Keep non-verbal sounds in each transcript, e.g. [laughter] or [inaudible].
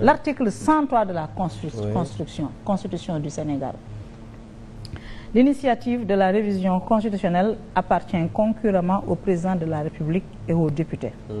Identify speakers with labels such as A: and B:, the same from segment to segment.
A: l'article 103 de la Constitution, Constitution du Sénégal. L'initiative de la révision constitutionnelle appartient concurremment au président de la République et aux députés. Mm-hmm.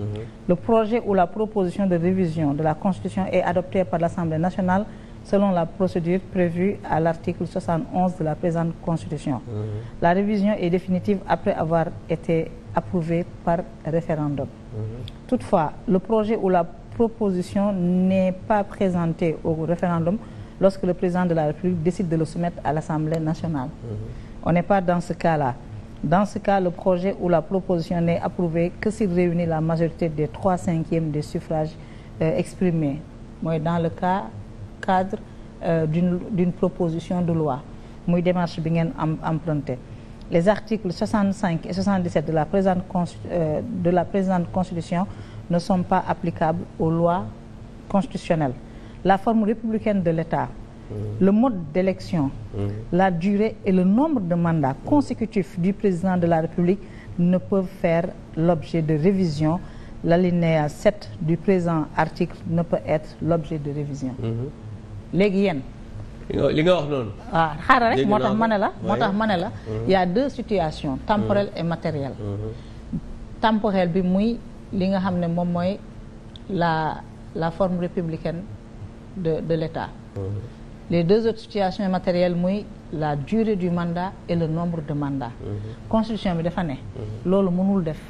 A: Le projet ou la proposition de révision de la Constitution est adopté par l'Assemblée nationale selon la procédure prévue à l'article 71 de la présente Constitution. Mm-hmm. La révision est définitive après avoir été approuvée par référendum. Mm-hmm. Toutefois, le projet ou proposition n'est pas présentée au référendum lorsque le président de la République décide de le soumettre à l'Assemblée nationale. Mmh. On dans ce Dans ce cas, le la proposition n'est approuvée que s'il réunit des trois cinquièmes des suffrages euh, exprimés. mooy dans le cas cadre euh, d'une d'une proposition de loi muy démarche bi ngeen am emprunté les articles 65 et 77 de la présente euh, de la présente constitution ne sont pas applicables aux lois constitutionnelles la forme républicaine de l'État mm. le mode d'élection mm. la durée et le nombre de mandats consécutifs du président de la République ne peuvent faire l'objet de révision l'alinéa 7 du présent article ne peut être l'objet de révision mm-hmm. léegi yéen li nga wax noonu ah, ma la moo tax ma ne la mm-hmm. y a deux situations temporel mm-hmm. et matérielle temporelle bi li nga xam ne moom mooy la la forme républicaine de de l'État mmh. les deux autres situations matérielles muy la durée du mandat et le nombre de mandats mmh. bi dafa ne mm-hmm. loolu mënul def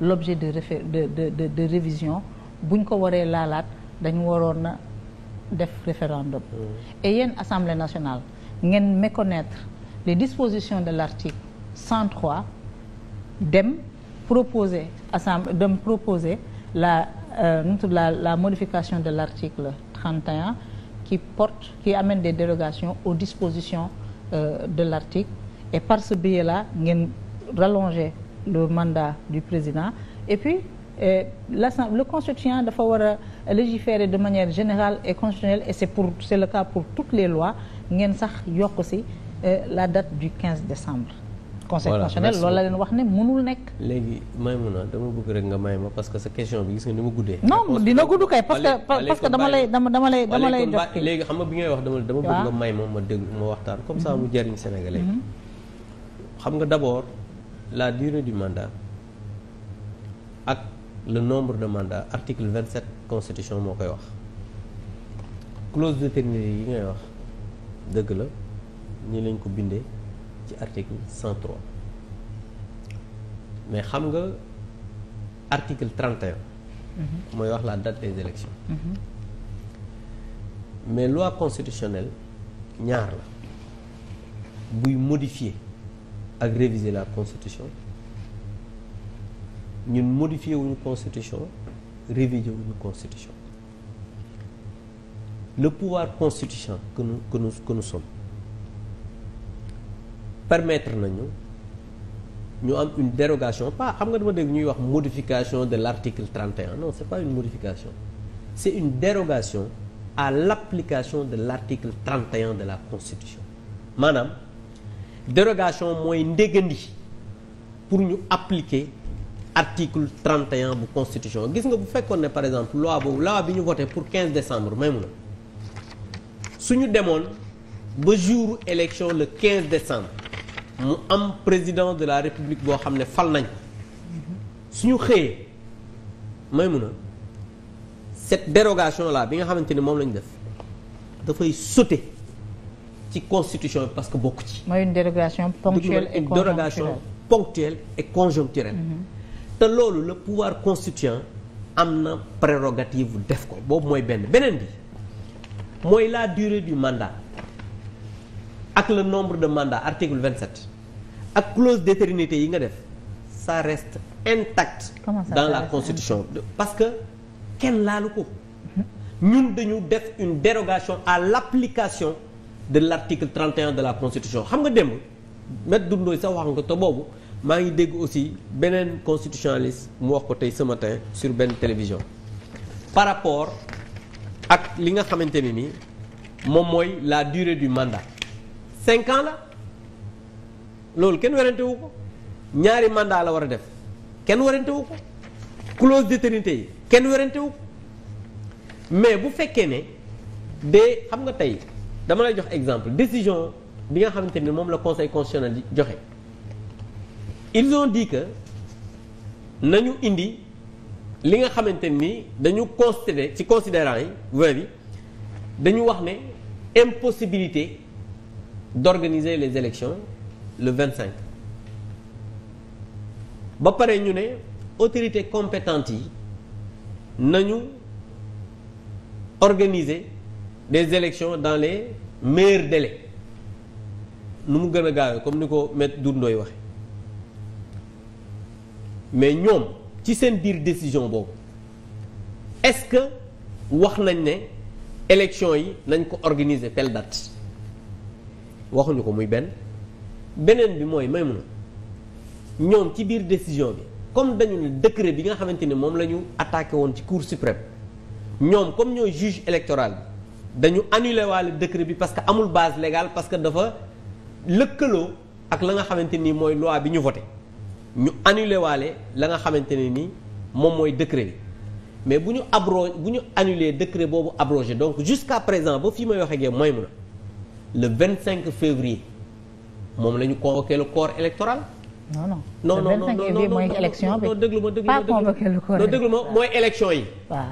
A: l'objet de refe de de de, de révision buñ ko waree laalaat dañu waroon na def référendum mmh. et yéen assemblée nationale ngeen méconnaître les dispositions de l'article 103 dem proposer assemblée dem proposer la euh, nu tudd la la modification de l'article 31 qui porte qui amène des dérogations aux dispositions euh, de l'article et par ce biais-là ngeen rallonger le mandat du président et puis et euh, l'assemblée le constituant dafa war a légiférer de manière générale et constitutionnelle et c'est pour le cas pour toutes les lois ngeen sax yokk ci euh, la date du 15 décembre conseil constitutionnel loolu la leen wax ne mënul nekk.
B: léegi may mun a dama bugg rek nga may ma parce que sa question bi gis nga ni ma guddee.
A: non dina gudd kay parce dama lay dama dama lay dama lay. jox léegi xam
B: nga bi ngay wax dama dama bëgg nga ma ma dégg ma waxtaan comme ça mu mhm. jariñ Sénégalais. Mhm. xam nga d'abord la durée du mandat ak le nombre de mandats article 27 constitution moo koy wax clause d'éternité yi ngay wax dëgg la ni lañ ko bindee. ci article 103 mais xam nga article 31. Mhm. mooy wax la dat des élections mhm. mais loi constitutionnelle ñaar la buy modifier ak réviser la constitution ñun modifier wuñu constitution réviser wuñu constitution le pouvoir constituant que nous que nous que permettre nañu ñu am une dérogation pas xam nga dama dégg ñuy wax modification de l'article 31 non c'est pas une modification c'est une dérogation à l'application de l'article 31 de la constitution maanaam dérogation mooy ndégandi pour ñu appliquer article 31 bu constitution gis nga bu fekkoon ne par exemple loi boobu loi bi ñu voté pour 15 décembre même na su ñu demoon ba jour élection le 15 décembre mu am président de la république boo xam ne fal nañ ko suñu xëyee may mun a cette dérogation là bi nga xamante ni moom lañ def dafay sauter ci constitution bi parce que bokk ci.
A: mooy une dérogation ponctuelle et conjoncturelle
B: dérogation et conjoncturelle.
A: Mm-hmm.
B: te loolu la pouvoir constituant am na prérogative def ko boobu mooy benn beneen bi mooy la dure du mandat. ak le nombre de mandats article 27 ak clause d'éternité yi nga def ça rest intact
A: dans la constitution
B: parce que kenn laalu ko ñun dañu def une dérogation à l'application de l'article 31 de la constitution xam nga démb Maître Doudou Ndoye sax wax nga te boobu maa ngi dégg aussi beneen constitutionnaliste mu wax ko tey ce matin sur benn télévision par rapport ak li nga xamante ni ni moom mooy la durée du mandat cinquant la loolu kenn werante wu ko ñaari mandat la war a def kenn werante wu ko clause d'éternité yi kenn werante wu ko mais bu fekkee ne de xam nga tey dama lay jox exemple décision bi nga xamante ni moom la conseil constitutionnel joxe ils ont dit que nañu indi li nga xamante ni dañu considéré ci considérant yi wér bi dañu wax ne impossibilité d'organiser les élections le cinq ba pare ñu ne autorité compétente yi nañu organiser des élections dans les meilleurs délais nu mu gën a gaawee comme ni ko maître Doudou waxe mais ñoom ci seen biir décision boobu est-ce que wax nañ ne élection yi nañ ko organiser telle date waxuñu ko muy benn beneen bi mooy may mun a ñoom ci biir décision bi comme dañu ne décret bi nga xamante ne moom la ñu attaqué woon ci cour suprême ñoom comme ñooy juge électoral bi dañu annulé waale décret bi parce que amul base légale parce que dafa lëkkaloo ak la nga xamante ni mooy loi bi ñu voté ñu annulé waale la nga xamante ne ni moom mooy décret bi mais bu ñu abrogé bu ñu annulé décret boobu abrogé donc jusqu'à présent ba fi may wax ak yow mooy mun a le 25 février moom la ñu convoqué le corps électoral.
A: non non non non non non mooy ma déglu ma déglu
B: ma mooy élection yi.
A: waaw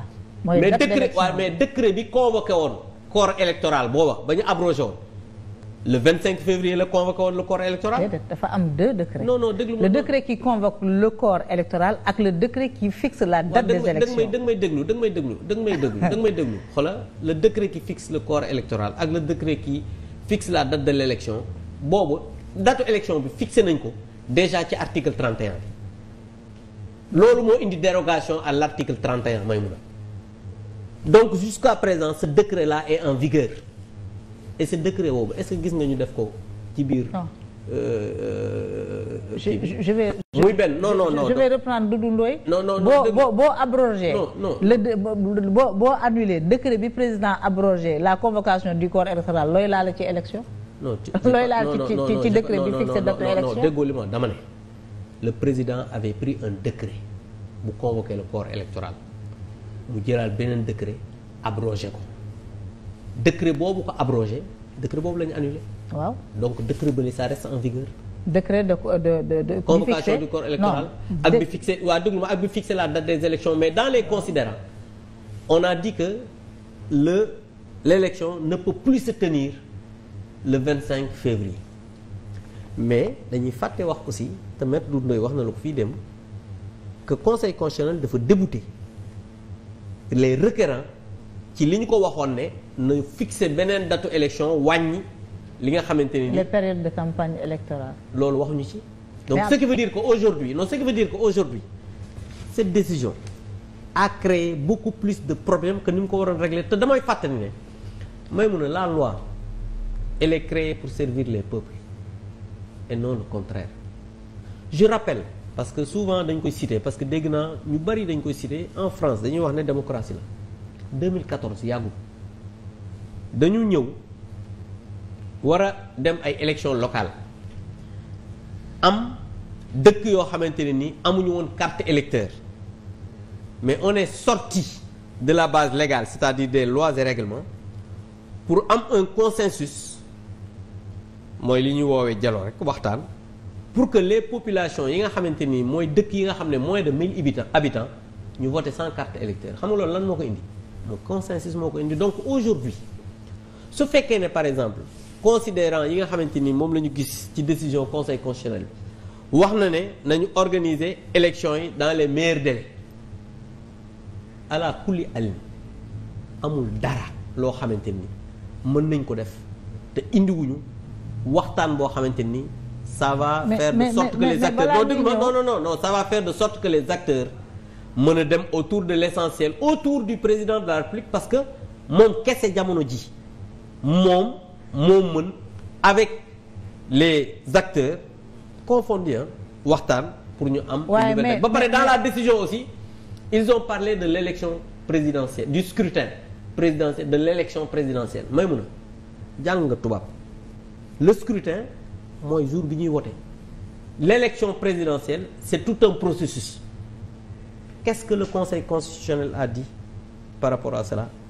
A: mooy mais décret mais
B: décret bi convoqué woon. corps électoral booba ba ñu abrogé woon. le 25 février la convoqué woon le corps électoral.
A: dafa am deux décrets. non non déglu ma le décret qui convoque le corps électoral ak le décret qui la date des élections
B: da may déglu da nga may déglu da nga may déglu da nga may déglu xoolal le décret qui fixe le corps électoral ak le décret qui. fixe la date de l' boobu date élection bi fixé nañ ko déjà ci article 31 bi loolu moo indi dérogation à l' article 31 Maïmouna donc jusqu'à présent ce décret là est en vigueur et ce décret boobu est-ce que gis nga ñu def ko ci biir ah. Euh, euh, je je vais. muy benn non non non je vais
A: reprendre Doudou boo boo boo abrogé. non boo boo annulé décret bi président abrogé la convocation du corps électoral looy laal ci élection.
B: non [laughs] ci looy laal ci ci ci décret bi fixé date élection déggoo li ma dama ne. le président avait pris un décret bu convoqué le corps électoral mu jëlaat beneen décret abrogé ko décret boobu ko abrogé décret boobu lañu ñu waaw donc décret bële ça reste en
A: vigueur. décret de de de de. convocation du corps électoral
B: ak bi fixé waaw déglu ma ak bi fixé la date des élections mais dans les considérants on a dit que le l'élection ne peut plus se tenir le 25 février mais dañuy fàtte wax aussi te maître Doudou Ndoye wax na la ko fii dem que conseil constitutionnel dafa débouté les requérants ci li ñu ko waxoon ne na fixé beneen datu élection wàññi. li nga xamante ne nii
A: les de campagne électorale.
B: loolu waxuñu ci. donc ce qui veut dire que aujourd'hui non ce qui veut dire que aujourd'hui cette décision a créé beaucoup plus de problème que ni mu ko waroon réglé te damay fàttali ne may mun a la loi elle est créée pour servir les peuples et non le contraire je rappelle parce que souvent dañ koy citer parce que dégg naa ñu bari dañ koy citer en France dañuy wax ne démocratie la 2014 yàggul dañu ñëw war a dem ay élections locales am dëkk yoo xamante ne ni amuñu woon carte électeur mais on est sorti de la base légale c'est-à-dire des lois et règlements pour am un consensus mooy li ñuy woowee jalo rek waxtaan pour que les populations yi nga xamante ni mooy dëkk yi nga xam ne moins de 1000 habitants habitants ñu voté sans carte électeur xam nga loolu lan moo ko indi. mooy consensus moo ko indi donc aujourd'hui su fekkee ne par exemple. considérant yi nga xamante ni moom la ñu gis ci décision conseil constitutionnel wax na ne nañu organiser élection yi dans les meilleurs de ala kulli alin amul dara loo xamante ni mën nañ ko def te indiwuñu waxtaan boo xamante ni ça va mais, faire mais, de sorte mais, que les acteurs non, non non non non ça va faire de sorte que les acteurs mën a dem autour de l'essentiel autour du président de la République parce que moom kese jamono ji moom moo mën avec les acteurs confondus waxtaan pour ñu am. liberté ba pare dans la décision aussi ils ont parlé de l'élection présidentielle du scrutin présidentiel de l'élection présidentielle may mun a jàng nga tubaab le scrutin mooy jour bi ñuy wote l'élection présidentielle c'est tout un processus
A: qu'est-ce que le Conseil constitutionnel a di par rapport à cela